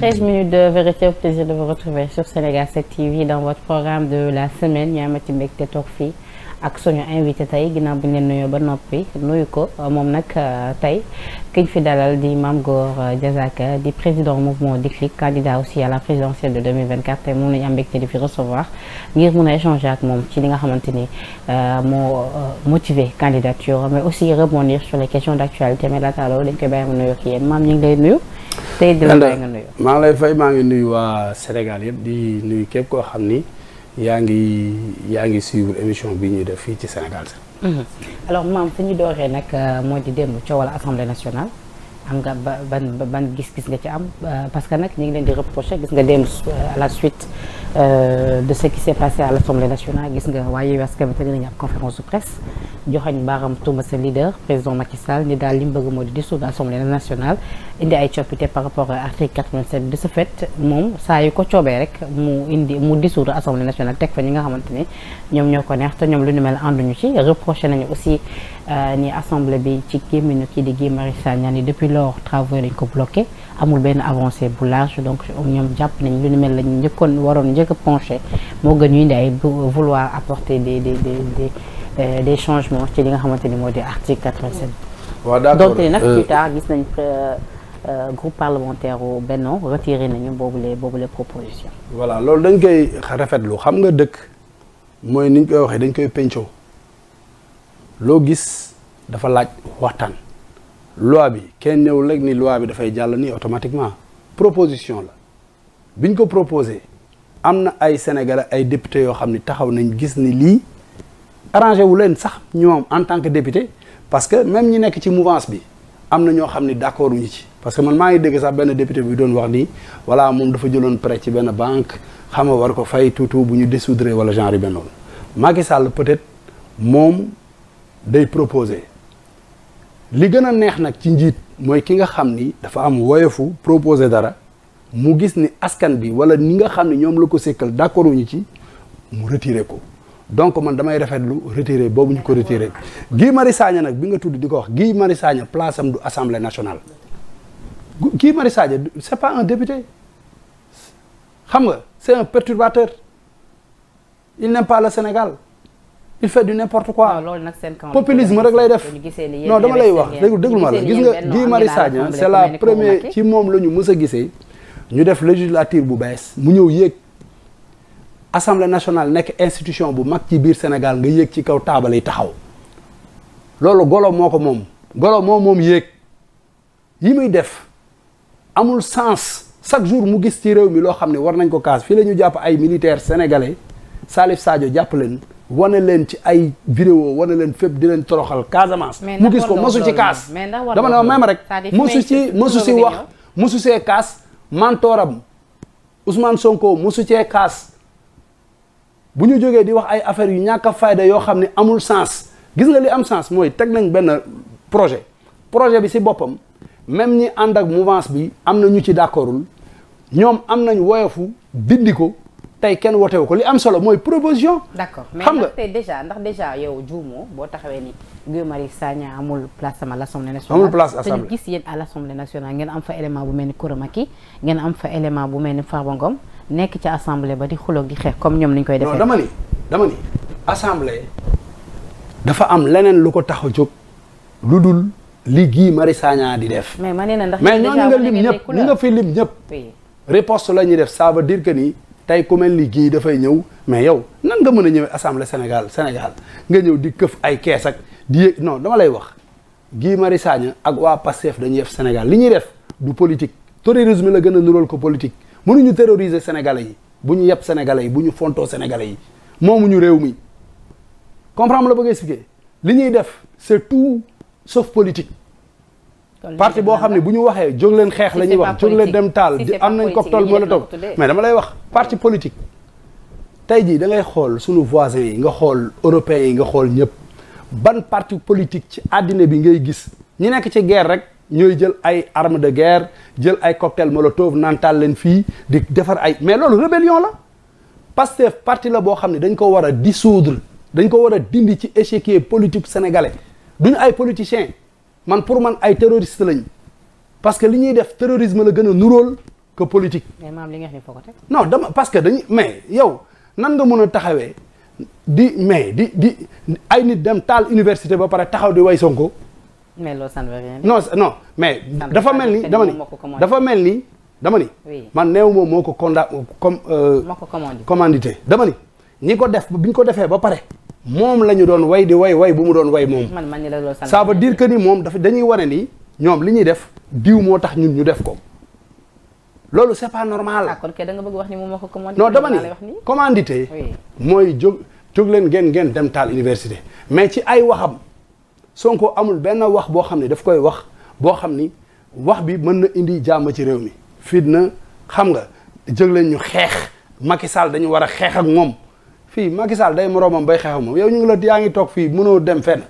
13 minutes de vérité au plaisir de vous retrouver sur Sénégal 7 TV dans votre programme de la semaine ñu amati mbégte toog fii ak suñu invité tey ginnaaw bu ñu leen nuyoo ba noppi nuyu ko moom nag euh, tey ki ñu fi dalal di Mame Gor euh, Diazaka di président mouvement Déclic candidat aussi a la présidentielle de 2024 tey moom la ñu am mbégte di fi recevoir ak moom ci li nga xamante ni euh, moo motiver candidature mais aussi rebondir sur les questions d' actualité mais laata tey di nga maa ngi lay fay maa ngi nuyu waa Sénégal yëpp di nuyu képp ko xam ni yaa ngi yaa ngi suivre émission bi ñu def fii ci Sénégal sax. Mhm. alors maam fi ñu dooree nag euh, moo di démb coowal assemblée nationale am nga ban ban gis-gis nga ci am euh, parce que nag ñu ngi leen di reprocher gis nga démb euh, à la suite. Euh, de ce qui s'est passé à l'Assemblée nationale gis nga waaye Yewwi Askan Wi tënk nañu ab conférence de presse joxañ baaram tuuma sa leader président Macky ni daal li mu bëgg moo di dissoudre l'Assemblée nationale indi ay coppite par rapport à article 87 de ce fait moom saa yu ko coobee rek mu indi mu dissoudre Assemblée nationale teg fa ñi nga xamante ni ñoom ñoo ko neex te ñoom lu ni mel ànduñu ci reproché nañu aussi euh, ni assemblée bi ci gémmiñu kii di Guy Marius Sagna ni depuis lors travaux dañ ko amul benn avancée bu large donc ñoom jàpp nañ lu ni mel lañu njëkkoon waroon njëkk a penché moo gën ñuy ne ay vouloir apporter des des des des euh, des changements ci li nga xamante ni moo di article 87. waaw d'accord donc nag euh, plus tard gis nañ euh, groupe parlementaire bu Benno retiré nañu boobu les boobu les propositions. voilà loolu dañ koy rafetlu xam nga dëkk mooy ni ñu koy waxee dañ koy pencoo loo gis dafa laaj waxtaan. loi bi kenn newul rek ni loi bi dafay jàll nii automatiquement proposition la biñ ko proposé am na ay sénégal ay député yoo xam ni taxaw nañ gis ni lii arrangé wu leen sax ñoom en tant que député parce que même ñi nekk ci mouvance bi am na ñoo xam ni d'accord wuñu ci parce que man maa ngi dégg sax benn député bi doon wax ni voilà moom dafa jëloon prêt ci benn banque xama war ko fay toutou bu ñu dissoudre wala genre yu benn noonu Macky Sall peut-être moom day proposer li gën a neex nag ci njiit mooy ki nga xam ni dafa am woyofu proposé dara mu gis ni askan bi wala ni nga xam ne ñoom la ko sekkal d'accord wuñu ci mu retiré ko donc man damay rafetlu retiré boobu ñu ko retiré Guy Marius Sagna nag bi nga tudd di ko wax gii Marius Sagna place am du assemblée nationale Guy Marius Sagna c'est pas un député xam nga c'est un perturbateur il n'aime pas le Sénégal il fait du n'importe quoi populisme rek lay def non dama lay wax déglu déglu ma la gis nga Guy Marius Sagna c'est la première ci moom la ñu mës gisee ñu def législature bu bees mu ñëw yéeg assemblée nationale nekk institution bu mag ci biir Sénégal nga yéeg ci kaw taabal yi taxaw loolu golo moo ko moom golo moo moom yéeg yi muy def amul sens chaque jour mu gis ci réew mi loo xam ne war nañ ko kaas fii la ñu jàpp ay militaire sénégalais Salif Sadio jàpp leen wane leen ci ay vidéo wane leen fépp di leen toroxal Casamance. mu gis ko mosu ci kaas. dama ne ma rek. mosu ci mosu si wax mosu see kaas. mantooram Ousmane Sonko mosu cee kaas bu ñu jógee di wax ay affaires yu ñàkk a fayda yoo xam ne amul sens gis nga li am sens mooy teg nañ benn projet projet bi si boppam même ñi ànd ak mouvance bi am na ñu ci d'accordul ñoom am nañ woyofu bindi ko tey kenn wotewu ko li am solo mooy proposition. d'accord mais ndax tey déjà ndax déjà yow juumoo boo taxawee ni. Guy Marius Sagna amul place am à l'Assemblée nationale. amul place assemblée te ñu gis yéen à l'Assemblée nationale ngeen am fa élément bu mel ni Kouramaki ngeen am nekk ci assemblée ba di xuloog di xeex comme ñoom ni ñu koy defee. non dama ni dama ni assemblée. dafa am leneen lu ko tax jóg lu dul li Guy Marius Sagna di def. mais ma nee na ndax mais ñooñu nga lim ñëpp ñi nga fi lim ñëpp. riposte la def ça veut dire que ni. tey ku mel ni gii dafay ñëw mais yow nan nga mën a ñëwee assemblée Sénégal Sénégal nga ñëw di këf ay kees ak di yëg non dama lay wax gii Marius Sagna ak waa Pastef dañuy yef Sénégal li ñuy def du politique terrorisme la gën a nurool ko politique mënuñu terroriser sénégalais yi bu ñu yeb sénégalais yi bu ñu fontoo sénégalais yi moomuñu réew mi comprendre la bëgg expliquer li ñuy def c'est tout sauf politique parti boo xam ne bu ñu waxee jóg leen xeex la ñuy wax jóg leen dem taal am nañ cocktail molotov mais dama lay wax parti politique tey jii da ngay xool suñu voisins yi nga xool européens yi nga xool ñëpp ban parti politique ci àddina bi ngay gis ñu nekk ci guerre rek ñooy jël ay arme de guerre jël ay cocktail molotov nantaal leen fii di defar ay mais loolu rébellion la Pastef parti la boo xam ne dañ ko war a dissoudre dañ ko war a dindi ci échiquier politique sénégalais duñu ay politiciens man pour man ay terroriste lañ parce que li ñuy def terrorisme la gën a nurool que politique. mais maam li nga xam ne foo ko teg non dama parce que dañuy mais yow nan nga mën a taxawee di mais di di ay nit dem taal université ba pare taxaw di way Sonko. mais loolu ça ne veut mais. dafa mel ni dama ni dafa mel ni dama man néew moom moo ko conda comme. Euh, moo ko commandité dama ni. ñi ko def bi ñu ko defee ba pare. moom la ñu doon way di way way bu mu doon way moom. man man ça veut dire que ni moom dafa dañuy wane ni ñoom li ñuy def diw moo tax ñun ñu def ko loolu c'est pas normal. ah kon kay da nga bëgg wax ni moom moo ko commandité. non dama ni mooy jóg jóg leen ngeen ngeen dem taal université. mais ci ay waxam Sonko amul benn wax boo xam ne daf koy wax boo xam ni wax bi mën na indi jàmm ci réew mi. fitna xam nga jóg leen ñu xeex Macky Sall dañu war a xeex ak moom. fii Macky Sall day moroomam bay xeex moom yow ñu ngi la yaa ngi toog fii mënoo dem fenn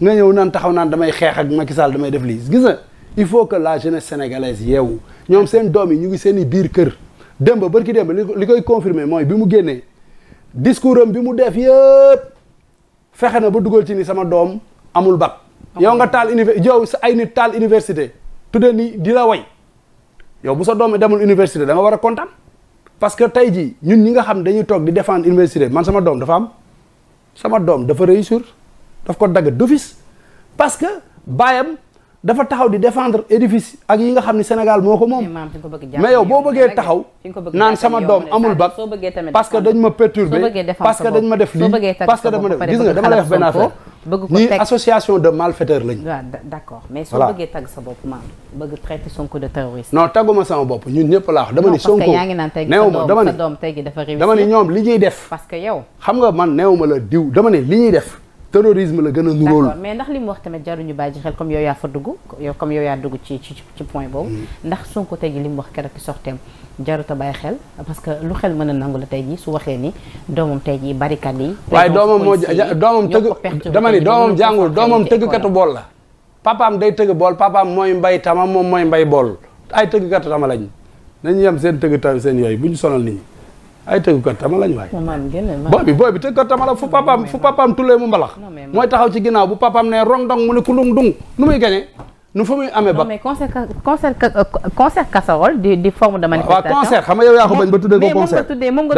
nga ñëw naan taxaw naan damay xeex ak Macky Sall damay def lii gis na il faut que la jeunesse sénégalaise yeewu ñoom seen doom yi ñu ngi seen i biir kër dem ba démb barki démb li koy confirmer mooy bi mu génnee discours bi mu def yëpp fexe na ba duggal ci ni sama doom amul bac yow nga taal univers yow sa ay nit taal université tudde ni di la way yow bu sa doom demul université da war a kontaan parce que tey jii ñun ñi nga xam dañuy toog di défendre université man sama doom dafa am sama doom dafa réussir daf ko dagg d'office parce que baayam dafa taxaw di défendre édifice ak yi nga xam ni Sénégal moo ko moom mais yow boo bëggee taxaw naan sama doom amul bac parce dañ ma perturbé parce que dañ ma def lii parce dama lay wax benn affaire bëgg ko teg association de malfaiteurs lañ. waaw d'accord mais soo bëggee tag sa bopp maam bëgg traité Sonko de terroriste. non tagguma sama bopp ñun ñëpp laa wax dama ni. Sonko neewuma dama ni dama ni ñoom li ñuy def. parce que yow xam nga man neew ma la diw dama ni li ñuy def. terrorisme la gën a nuróol d'accord mais ndax li mu wax tamit jaruñu bàyyi xel comme yow yaa fa dugg yow comme yow yaa dugg ci ci ci point boobu mm. ndax soo ko ji li mu wax keroog ci sorteem jaruta bàyyi xel parce que lu xel mën a nangu la tey ji su waxee ni doomam tey ji barricade yi waaye doomam moo doomam tëgg dama ni doomam jàngul doomam tëggkatu bool la papaam day tëgg bool papaam mooy mbay tama moom mooy mbay bool ay tëggkatu tama lañ nañu yem seen tëgg taw seen yooyu bu ñu sonal nii ay tëggkat tama lañ waay. booy bi booy bi tëggkat tama la fu papaam fu papaam tulee mu mbalax. mooy taxaw ci ginnaaw bu papaam ne rong dong mu ne kulung dung nu muy gañee nu fa muy amee ba. non mais concert concert concert casserole di di forme concert xam nga yow yaa ko bañ ba tuddee ko concert. mais moom nga tuddee moom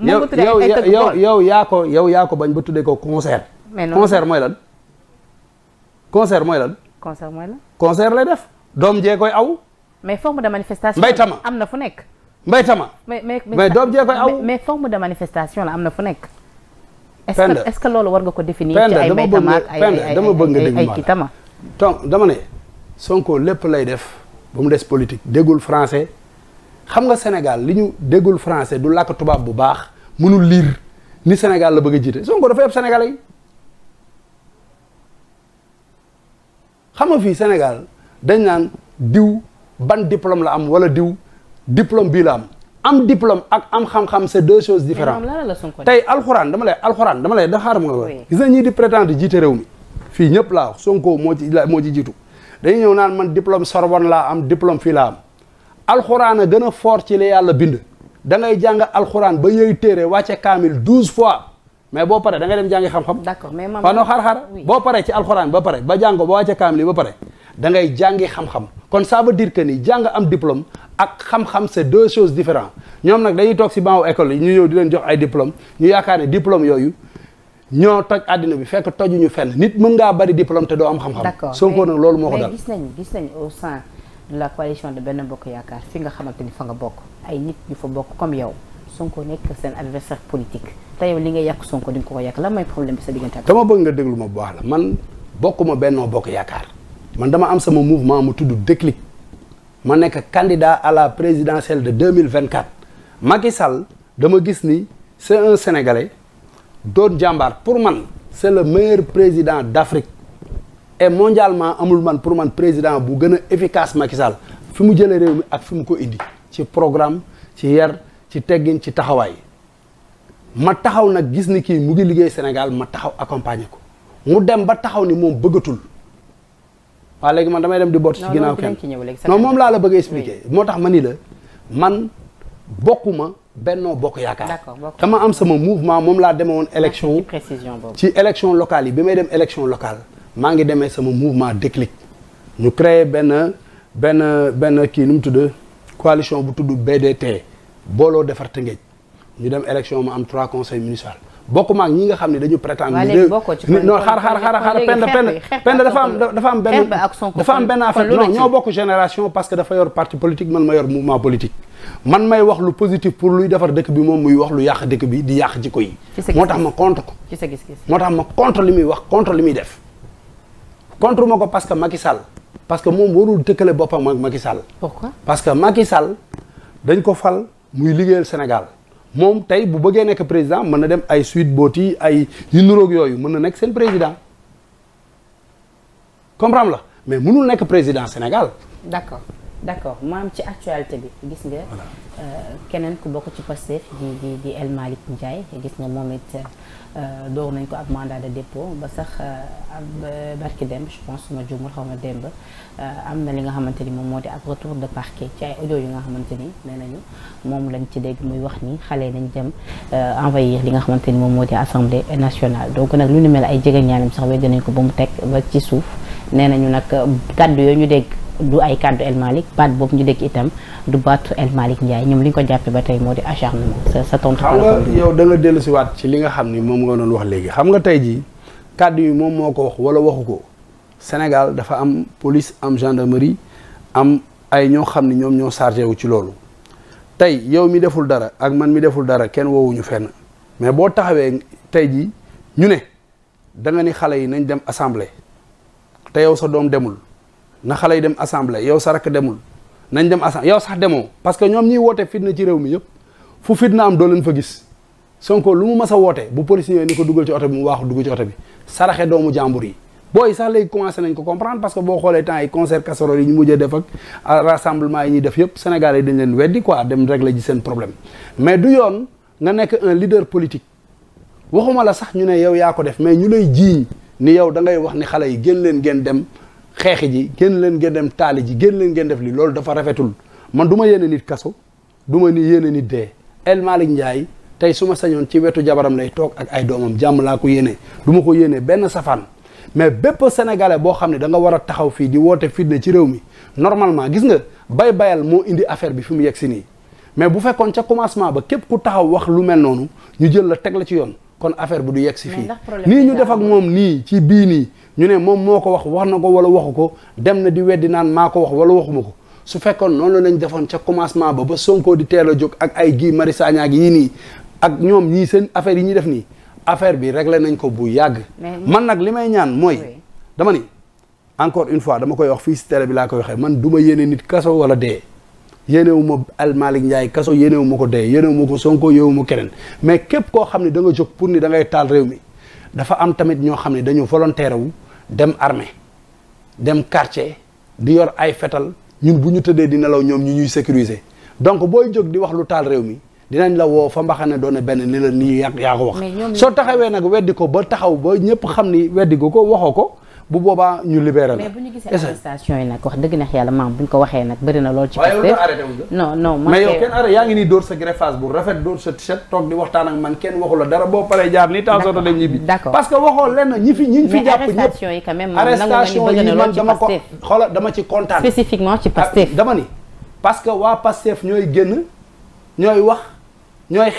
yow yow yow yaa ko bañ ba tuddee ko concert. mais non concert mooy lan. concert mooy lan. concert mooy lan. def. doom jee koy aw. mais forme de manifestation. mbay tama am na fu nekk. mbay tama. mais mais mais doom jee koy aw. mais forme de manifestation la am na fu nekk. est ce que est ce que loolu war nga ko définir. ci ay mbay tama ak ay ay ay ay kii tama. donc dama ne Sonko lépp lay def ba mu des politique déggul français xam nga Sénégal li ñu déggul français du làkk tubaab bu baax mënul lire ni Sénégal la bëgg a jiite Sonko dafa yëpp Sénégalais yi xam nga fii Sénégal dañ naan diw ban diplôme la am wala diw. diplôme bii la am am diplôme ak am xam-xam c'est deux choses différentes tey alxuraan dama lay alxuraan dama lay daxaar ma la gis na ñii di jiite réew mi fii ñëpp laa Sonko moo ci moo ci jiitu dañuy ñëw naan man diplôme Sorbonne laa am diplôme fii laa am alxuraan a gën a foor ci li yàlla bind da ngay jàng alxuraan ba yooyu téere wàcce kaamil douze fois mais boo paree da ngay dem jàngi xam-xam d'accord mais maman xaar xaar boo paree ci alxuraan ba pare ba jàng ba wàcce kaamil ba pare dangay ngay jàngi xam-xam kon ça veut dire que ni jàng am diplom ak xam-xam c'est deux choses différentes ñoom nag dañuy toog si banc école yi ñu ñëw di leen jox ay diplôme ñu yaakaar ne diplôme yooyu ñoo toj àddina bi fekk ñu fenn nit mën ngaa bari diplôme te doo am xam-xam. d'accord Sonko nag loolu moo ko dal mais gis nañu gis au sein de la coalition de Benno Bokk Yaakaar fi nga xamante ni fa nga bokk ay nit ñu fa bokk comme yow Sonko nekk seen adversaire politique te yow li nga yàq Sonko di nga ko ko yàq lan mooy problème bi s diggante ak. dama bëgg nga déglu ma bu baax la man Bokk Yaakaar man dama am sama mouvement mu tudd déclic ma nekk candidat à la présidentielle de 2024 Macky Sall dama gis ni c'est un sénégalais doon jàmbaar pour man c'est le meilleur président d'Afrique et mondialement amul man pour man président bu gën a efficace Macky fi mu jëlee réew mi ak fi mu ko indi ci programme ci yar ci teggin ci taxawaay ma taxaw nag gis ni kii mu ngi liggéey Sénégal ma taxaw accompagner ko mu dem ba taxaw ni moom bëggatul waaw léegi man damay dem di bot ci ginnaaw kenn non moom laa la bëgg a expliquer moo tax ma ni la man bokkuma bennoo bokk yaakaar dama am sama mouvement moom laa deme woon élection ci élection locale yi bi may dem élection local maa ngi demee sama mouvement déclic ñu créer benn benn benn kii nu mu tudd coalition bu tudd BDT booloo defar Tëngéej ñu dem élection ma am trois conseil municipaux bokkuma ak ñi nga xam ne dañu prétendre. waa léegi bokkoo ci non xaar xaar xaar xaar pend dafa am dafa am benn dafa am benn affaire non ñoo bokk génération parce que dafa yor parti politique man ma yor mouvement politique man may wax lu positif pour luy defar dëkk bi moom muy wax lu yàq dëkk bi di yàq jikko yi moo tax ma contre ko ci sa gis-gis moo tax ma contre li muy wax contre li muy def contre ma ko parce que Macky sal parce que moom warul dëkkale boppam ak Macky Sall pourquoi parce que Macky Sall dañ ko fal muy liggéeyal Sénégal moom tey bu bëggee nekk président mën na dem ay suite booti ay yu niroog yooyu mën na nekk seen président comprendre la mais mënul nekk président Sénégal d'accord d'accord maam ci actualité bi gis nga. Euh, keneen ku bokk ci Pastef di di di El Malick Ndiaye gis nga moom it euh, door nañ ko ab mandat de dépôt ba sax euh, ab barki demb je pense ma juumul xaw ma démb am na li nga xamante ni moom moo di ab retour de parquet ci ay audio yu nga xamante ni nee nañu moom lañ ci dégg muy wax ni xale nañ dem envahir li nga xamante ni moom moo di assemblée nationale donc nag lu ni mel ay jege ñaanam sax wéy dinañ ko ba mu teg ba ci suuf nee nañu nag kàddu yooyu ñu dégg. du ay kàddu El Malick baat boobu ñu dégg itam du baatu El Malick Ndiaye ñoom li ñu ko jàppee ba tey moo di acharnement sa sa tontu xam nga yow da nga dellu si li nga xam ni moom nga doon wax léegi xam nga tey jii kàddu yi moom moo ko wax wala waxu ko Sénégal dafa am police am gendarmerie am ay ñoo xam ni ñoom ñoo chargé wu ci loolu tey yow mi deful dara ak man mi deful dara kenn woowuñu fenn mais boo taxawee tey jii ñu ne da nga ni xale yi nañ dem assemblée te yow sa doom demul na xale yi dem assemble yow sa rakk demul nañ dem assemblée yow sax demoo parce que ñoom ñiy woote fitna ci réew mi yëpp fu fitna am doo leen fa gis Sonko lu mu mas a woote bu police ñëwee ni ko dugal ci oto bi mu waaxu dugg ci oto bi saraxe doomu jàmbur yi booy sax léegi commencé nañ ko comprendre parce que boo xoolee temps yi concert casserole yi ñu mujjee def ak rassemblement yi ñuy def yëpp Sénégal yi dañ leen weddi quoi dem régler ji seen problème mais du yoon nga nekk un politique waxuma la sax ñu ne yow yaa ko def mais ñu lay jiiñ ni yow da wax ni xale yi génn leen ngeen dem xeexi ji génn leen ngeen dem taali ji génn leen ngeen def li loolu dafa rafetul man du ma yéene nit kaso du ma ni yéene nit dee El Malick Ndiaye tey suma sañoon ci wetu jabaram lay toog ak ay doomam jàmm laa ko yéene du ma ko yéene benn safaan mais bépp sénégalais boo xam ne danga nga war a taxaw fii di woote fitna ci réew mi normalement gis nga bay bayal moo indi affaire bi fi mu yegg si nii mais bu fekkoon ca commencement ba képp ku taxaw wax lu mel noonu ñu jël la teg la ci yoon kon affaire bi du yegg si fii nii ñu def ak moom nii ci bii nii ñu ne moom moo ko wax wax na ko wala waxu ko dem na di weddi naan maa ko wax wala waxuma ko su fekkoon noonu lañ defoon ca commencement ba ba Sonko di teel a jóg ak ay Guy Marius Sagna yii nii ak ñoom ñii seen affaire yi ñuy def nii affaire bi rek leen nañ ko bu yàgg man nag li may ñaan mooy dama ni encore une fois dama koy wax fii si télé bi laa koy waxee man du ma yéene nit kaso wala dee yéenewu ma Al Malick Ndiaye kaso yéenewu ma ko dee yéenewu ma ko Sonko yéenewu ma keneen mais képp koo xam ne danga jóg pour ni da ngay taal réew mi dafa am tamit ñoo xam ne dañu volontaire wu dem armée dem quartier di yor ay fetal ñun bu ñu tëddee di nelaw ñoom ñu ñuy sécuriser donc booy jóg di wax lu taal réew mi dinañ la woo fa mbaxane doone benn ni la nii yaa yaa ko wax soo taxawee nag weddi ko ba taxaw ba ñëpp xam ni weddi ko ko waxoo ko bu boobaa ñu libéré la. mais bu ñu gisee arrestation yi nag wax dëgg neex yàlla bu ñu ko waxee nag bëri na lool. ci Pastef non non. man mais yow kenn arrêté yaa ngi nii dóor sa greffage bu rafet dóor sa t toog di waxtaan ak man kenn waxu la dara boo paree jaar nii temps soto dem ñibbi. d'accord parce que waxoo lenn ñi fi ñi fi jàpp ñëpp. mais arrestation yi quand même man nangu nga bëgg na lool ci Pastef arrestation dama ko xoola dama ci kontaan. spécifiquement ah, ñooy génn ñooy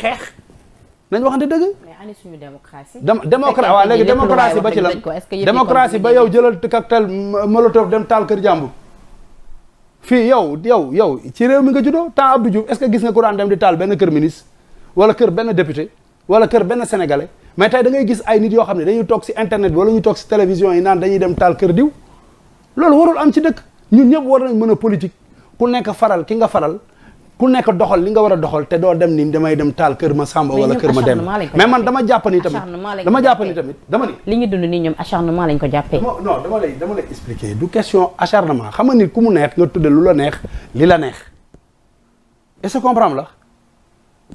ani suñu démocratie. démocratie waaw léegi démocratie ba ci lan démocratie ba yow jëlal cocktail molotov dem taal kër jàmbur. fii yow yow yow ci réew mi nga juddoo temps Abdou Diouf est-ce que gis nga ku daan dem di taal benn kër ministre wala kër benn député wala kër benn sénégalais mais tey da ngay gis ay nit yoo xam ne dañuy toog si internet bi wala ñuy toog si télévision yi naan dañuy dem taal kër diw loolu warul am ci dëkk ñun ñëpp war nañ mën a politique ku nekk faral ki nga faral ku nekk doxal li nga war a doxal te doo dem ni damay dem taal kër ma sàmba wala kër ma dem mais man dama jàpp ni tamit dama jàpp ni tamit dama ni li ñu dund nii ñoom acharnement lañ ko jàppee non dama lay dama lay du question acharnement xam nga nit ku mu neex nga tudde lu la neex li la neex est-ce la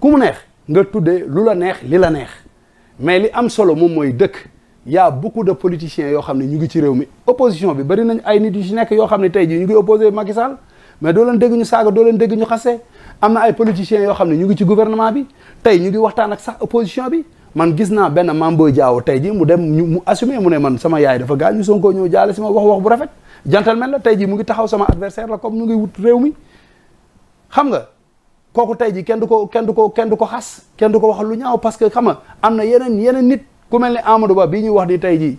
ku mu neex nga tudde lu la neex li la neex mais li am solo moom mooy dëkk y a beaucoup de politiciens yoo xam ne ñu ngi ci réew mi opposition bi bari nañ ay nit yu ci nekk yoo xam ne tey jii ñu ngi opposé Macky Sall mais doo leen dégg ñu saaga doo leen ñu xasee am na ay politiciens yoo xam ne ñu ngi ci gouvernement bi tey ñu ngi waxtaan ak sax opposition bi man gis naa benn Mamboy jaaw tey ji mu dem mu assumer mu ne man sama yaay dafa gaañ ñu Sonko ñëw jaale si ma wax wax bu rafet gentleman la tey ji mu ngi taxaw sama adversaire la comme ñu ngi wut réew mi xam nga kooku tey ji kenn du ko kenn du ko kenn du ko xas kenn du ko wax lu ñaaw parce que xam nga am na yeneen yeneen nit ku mel ni Amadou Ba bii ñuy wax ni tey ji